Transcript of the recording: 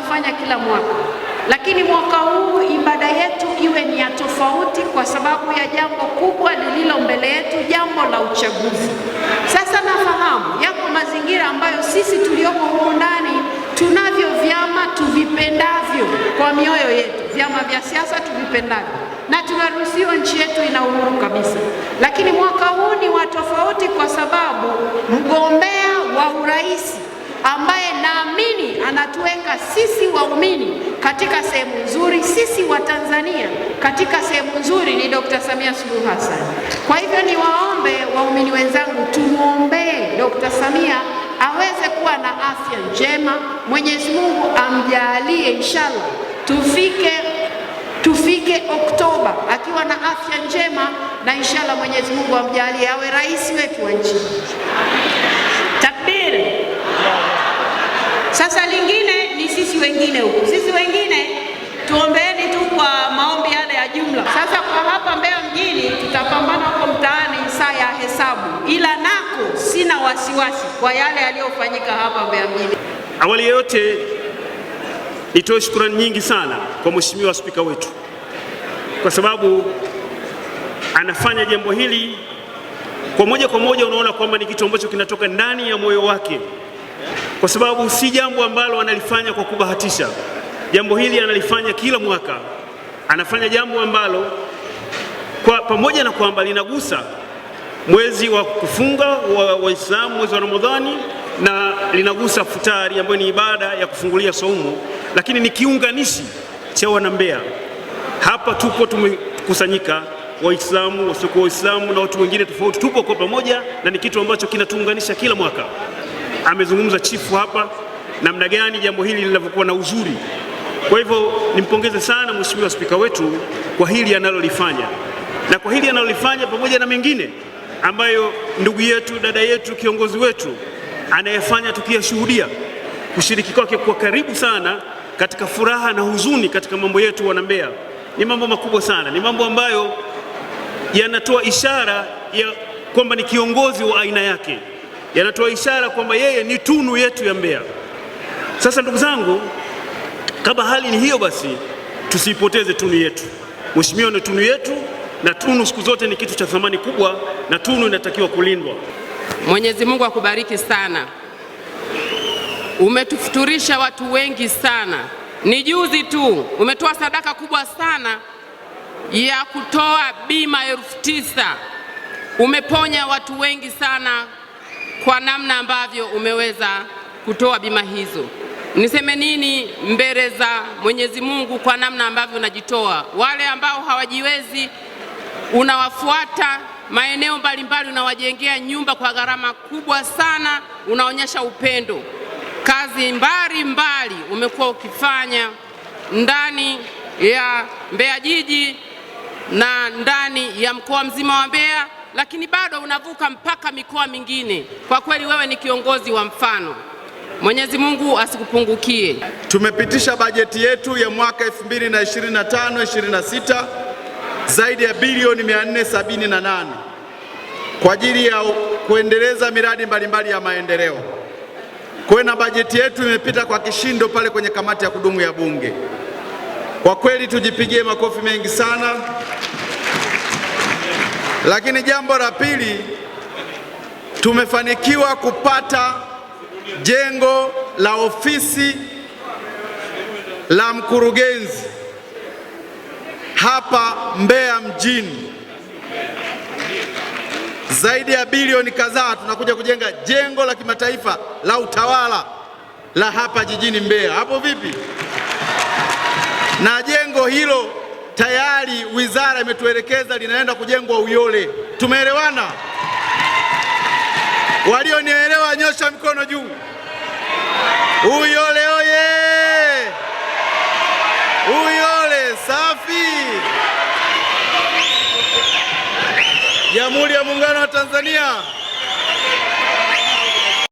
tunafanya kila mwaka, lakini mwaka huu ibada yetu iwe ni ya tofauti, kwa sababu ya jambo kubwa lililo mbele yetu, jambo la uchaguzi. Sasa nafahamu yako mazingira ambayo sisi tulioko huko ndani tunavyo vyama tuvipendavyo kwa mioyo yetu, vyama vya siasa tuvipendavyo, na tunaruhusiwa, nchi yetu ina uhuru kabisa. Lakini mwaka huu ni wa tofauti, kwa sababu mgombea wa urais ambaye naamini anatuweka sisi waumini katika sehemu nzuri, sisi wa Tanzania katika sehemu nzuri ni Dr. Samia Suluhu Hassan. Kwa hivyo niwaombe waumini wenzangu, tumwombee Dr. Samia aweze kuwa na afya njema, Mwenyezi Mungu amjalie inshallah, tufike tufike Oktoba akiwa na afya njema, na inshallah Mwenyezi Mungu amjalie awe rais wetu wa nchi. wasiwasi kwa yale yaliyofanyika hapa Mbeya mjini. Awali yote nitoe shukrani nyingi sana kwa Mheshimiwa Spika wetu kwa sababu anafanya jambo hili kwa moja kwa moja, unaona kwamba ni kitu ambacho kinatoka ndani ya moyo wake, kwa sababu si jambo ambalo analifanya kwa kubahatisha. Jambo hili analifanya kila mwaka, anafanya jambo ambalo kwa pamoja na kwamba linagusa mwezi wa kufunga wa Waislamu, mwezi wa Ramadhani, na linagusa futari ambayo ni ibada ya kufungulia saumu, lakini ni kiunganishi cha wanambea Hapa tupo tumekusanyika Waislamu, wasiokuwa Waislamu na watu wengine tofauti, tupo kwa pamoja na ni kitu ambacho kinatuunganisha kila mwaka. Amezungumza chifu hapa namna gani jambo hili linavyokuwa na uzuri. Kwa hivyo nimpongeze sana Mheshimiwa Spika wetu kwa hili analolifanya, na kwa hili analolifanya pamoja na mengine ambayo ndugu yetu, dada yetu, kiongozi wetu anayefanya tukiyashuhudia kushiriki kwake kwa karibu sana katika furaha na huzuni katika mambo yetu wana Mbeya, ni mambo makubwa sana, ni mambo ambayo yanatoa ishara ya kwamba ni kiongozi wa aina yake, yanatoa ishara kwamba yeye ni tunu yetu ya Mbeya. Sasa ndugu zangu, kama hali ni hiyo, basi tusiipoteze tunu yetu. Mheshimiwa ni tunu yetu na tunu siku zote ni kitu cha thamani kubwa, na tunu inatakiwa kulindwa. Mwenyezi Mungu akubariki sana, umetufuturisha watu wengi sana. Ni juzi tu umetoa sadaka kubwa sana ya kutoa bima elfu tisa. Umeponya watu wengi sana kwa namna ambavyo umeweza kutoa bima hizo. Niseme nini mbele za Mwenyezi Mungu kwa namna ambavyo unajitoa? Wale ambao hawajiwezi unawafuata maeneo mbalimbali, unawajengea nyumba kwa gharama kubwa sana, unaonyesha upendo. Kazi mbalimbali umekuwa ukifanya ndani ya Mbeya jiji na ndani ya mkoa mzima wa Mbeya, lakini bado unavuka mpaka mikoa mingine. Kwa kweli wewe ni kiongozi wa mfano. Mwenyezi Mungu asikupungukie. Tumepitisha bajeti yetu ya mwaka 2025 26 zaidi ya bilioni 478 kwa ajili ya kuendeleza miradi mbalimbali ya maendeleo. Kwa na bajeti yetu imepita kwa kishindo pale kwenye kamati ya kudumu ya Bunge. Kwa kweli tujipigie makofi mengi sana. Lakini jambo la pili, tumefanikiwa kupata jengo la ofisi la mkurugenzi hapa Mbeya mjini zaidi ya bilioni kadhaa tunakuja kujenga jengo la kimataifa la utawala la hapa jijini Mbeya. Hapo vipi? Na jengo hilo tayari wizara imetuelekeza linaenda kujengwa Uyole. Tumeelewana? Walionielewa nyosha mikono juu. Uyole oye! Uyole Jamhuri ya Muungano wa Tanzania.